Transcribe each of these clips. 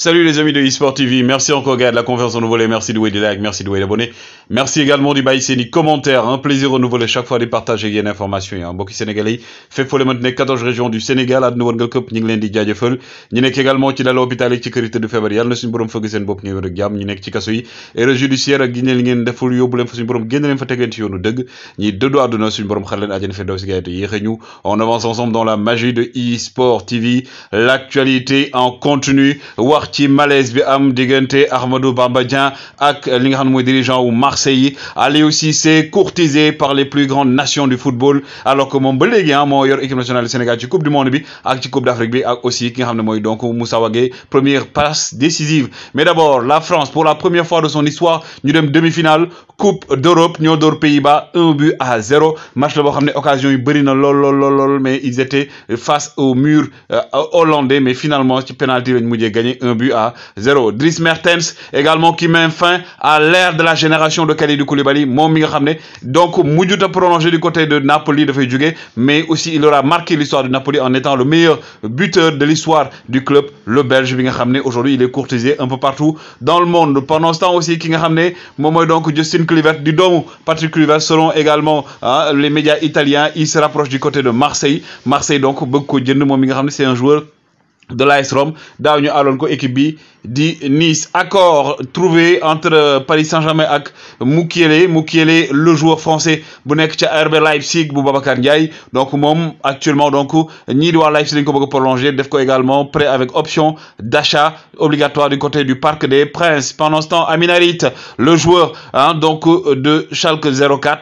Salut les amis de eSport TV, merci encore gars de la conférence confiance renouvelée, merci de du like, merci de vous abonner. merci également du bail, c'est des commentaires, un plaisir renouvelé chaque fois de partager une information. Un hein. mbokki sénégalais fait pour fole maintenir 14 régions du Sénégal àdduna wërngal këpp ñu ngi leen di jaajëfal ñu nekk également ci dal hôpital yi ci kër yi du feebar yàlla na suñu borom fëgg seen bopp ngeen wér ak jàmm ñu nekk ci kaso yi erreur judiciaire ak giñ li ngeen deful yóbbu leen fa suñu borom génn leen fa teg leen ci yoonu dëgg ñi dëddu àdduna suñu borom xar leen àjjana fi daw si gars yi yéexe on avance ensemble dans la magie de eSport TV l'actualité en continu wax qui ci malaise bi am diggante Ahmadou Bamba ak li nga xam moy dirigeant wu Marseille Aller aussi, c'est courtisé par les plus grandes nations du football alors que Montpellier ba léegi ah, meilleur yor équipe nationale du Sénégal ci coupe du monde bi ak ci coupe d'Afrique bi ak aussi ki nga xam moy donc Moussa Wagé première passe décisive mais d'abord la France pour la première fois de son histoire ñu dem demi-finale coupe d'Europe ñoo door Pays-Bas un but à zéro match la bo xam occasion yu bari na mais ils étaient face au mur euh, hollandais mais finalement ci penalty lañ mujjé gagné un but à 0 Dries Mertens également qui met fin à l'ère de la génération de du Koulibaly Momi donc Moudjouta a prolongé du côté de Napoli de Féjugé, mais aussi il aura marqué l'histoire de Napoli en étant le meilleur buteur de l'histoire du club le belge bi nga aujourd'hui il est courtisé un peu partout dans le monde pendant ce temps aussi ki nga donc Justin Kluivert di Patrick Kluivert selon également hein, les médias italiens il se rapproche du côté de Marseille Marseille donc beaucoup de jënd c'est un joueur de l'Ice Rome Down Ekibi Nice accord trouvé entre Paris Saint-Germain et Moukielé Moukielé le joueur français bu Herbe Leipzig bu donc actuellement donc ni Leipzig prolonger également prêt avec option d'achat obligatoire du côté du Parc des Princes pendant ce temps Aminarit le joueur hein, donc de Schalke 04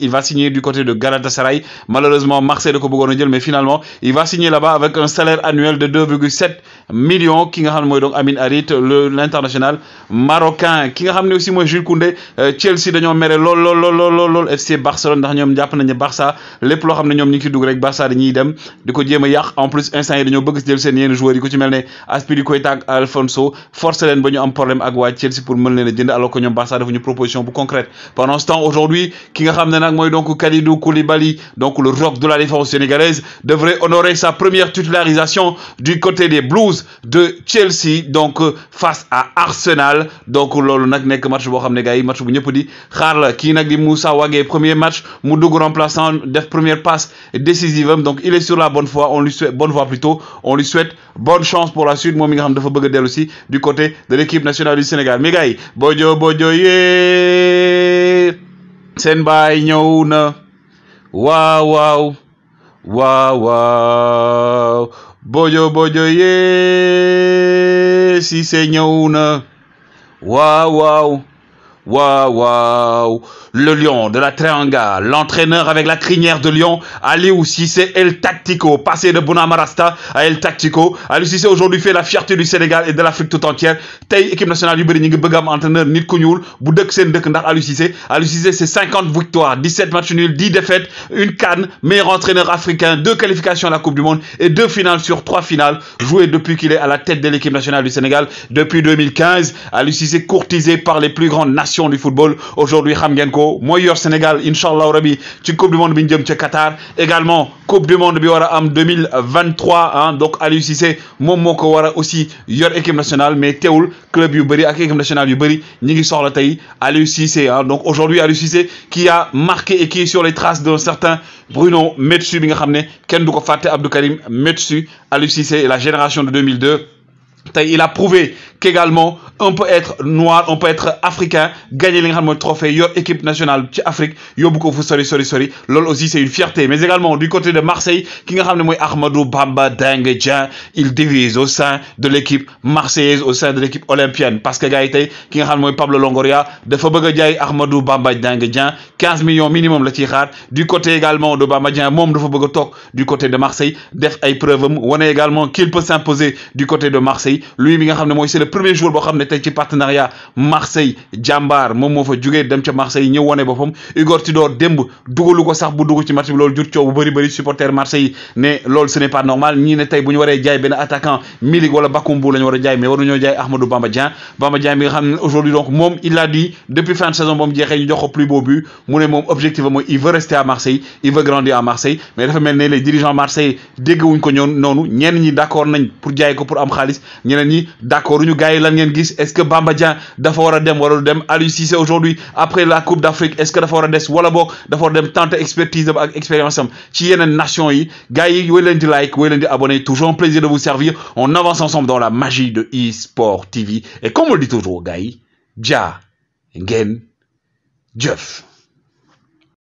il va signer du côté de Galatasaray malheureusement Marseille de ko mais finalement il va signer là-bas avec un salaire annuel de 2,5 virgule million millions ki nga xam moy donc Amin Harit le l'international marocain ki nga xam aussi moy Jules Koundé euh, Chelsea dañoo mere lol lol lol lol FC Barcelone ndax ñom japp nañu Barça lepp lo xam ñom ñoom ñu ngi ci dugg rek Barça dañuy dem diko jema jéem en plus instant yi dañoo bëgg jël seen yenn joueurs yi ku ci mel ne Azpilicueta ak Alphonso force leen ba ñu am problème ak wa Chelsea pour mën leen jënd alors que ñoom Barça ñu proposition bu concrète pendant ce temps aujourd'hui ki nga xam nak moy donc Kalidou Koulibaly donc le roc de la défense sénégalaise devrait honorer sa première titularisation du côté côté des Blues de Chelsea donc euh, face à Arsenal donc lolo nak nek match bo xamné ne match bu ñëpp di xaar la ki di Moussa premier match mu dugg remplaçant def première passe décisive donc il est sur la bonne voie on lui souhaite bonne voie plutôt on lui souhaite bonne chance pour la suite Moi, mi nga xam dafa bëgg aussi du côté de l'équipe nationale du Sénégal mais gars bojo bojo ye ñëw na Bollo, bollo, yeah, sí señor, una. Wow, wow. Waouh, Le lion de la Trianga, l'entraîneur avec la crinière de lion, Ali Oussissé El Tactico, passé de Bonamarasta à El Tactico. Ali Oussissé aujourd'hui fait la fierté du Sénégal et de l'Afrique tout entière. Tay, équipe nationale du Bering, ñi entraîneur Nid Kounioul, ñuul bu dëkk Ali Oussissé. c'est 50 victoires, 17 matchs nuls, 10 défaites, une canne, meilleur entraîneur africain, deux qualifications à la Coupe du Monde et deux finales sur trois finales jouées depuis qu'il est à la tête de l'équipe nationale du Sénégal depuis 2015. Ali Oussissé courtisé par les plus grandes nations du football aujourd'hui Khamgenko, moi, Sénégal Inch'Allah rabi coupe du monde bi ñu Qatar également coupe du monde Biwara en 2023 am hein. donc à l'UCC, mon Moko, Wara aussi yor équipe nationale mais Théoul, club yu bëri ak équipe nationale yu bëri ñi ngi soxla hein. donc aujourd'hui à l'UCC, qui a marqué et qui est sur les traces d'un certain Bruno Metsu bi nga Abdoukarim, Metsu à Cissé la génération de 2002 il a prouvé qu'également on peut être noir on peut être africain gagner le trophée équipe nationale ci Afrique ko vous, sori sorry, sorry. aussi c'est une fierté mais également du côté de Marseille Bamba il divise au sein de l'équipe marseillaise au sein de l'équipe olympienne parce que gars Pablo Longoria fa bëgg Bamba 15 millions minimum la ci du côté également de Bamba Dieng a du côté de Marseille def ay preuves on également qu'il peut s'imposer du côté de Marseille lui mi nga xam moy c'est le premier joueur bo xam ne ci partenariat Marseille Jambar mom moo fa dem ci Marseille ñëw wane Igor Tudor démb dugalu sax bu dugg ci match bi loolu jur ciow bu bari bari supporter Marseille ne loolu ce n'est pas normal ñi ne tay buñu ñu jaay ben attaquant Milik wala Bakumbu la wara jaay mais ñoo jaay Ahmadou Bamba Dia Bamba Dia mi nga aujourd'hui donc mom il a dit depuis fin de saison ba mu ñu joxo plus beau but mu né mom objectif il veut rester à Marseille il veut grandir à Marseille mais dafa melné les dirigeants Marseille dégg wuñ ko ñoon noonu ñi d'accord nañ pour jaay ko pour am xaliss ñeneen ñi d'accord ñu gars yi lan ngeen gis est-ce que Bamba Dia dafa war a dem wala aujourd'hui après la Coupe d'Afrique est-ce que dafa war a des wala boog dafa dem tenter expertise am ak expérience nation yi gars yi di like woy di abonné toujours un plaisir de vous servir on avance ensemble dans la magie de eSport TV et comme on le dit toujours gars yi jaa ngeen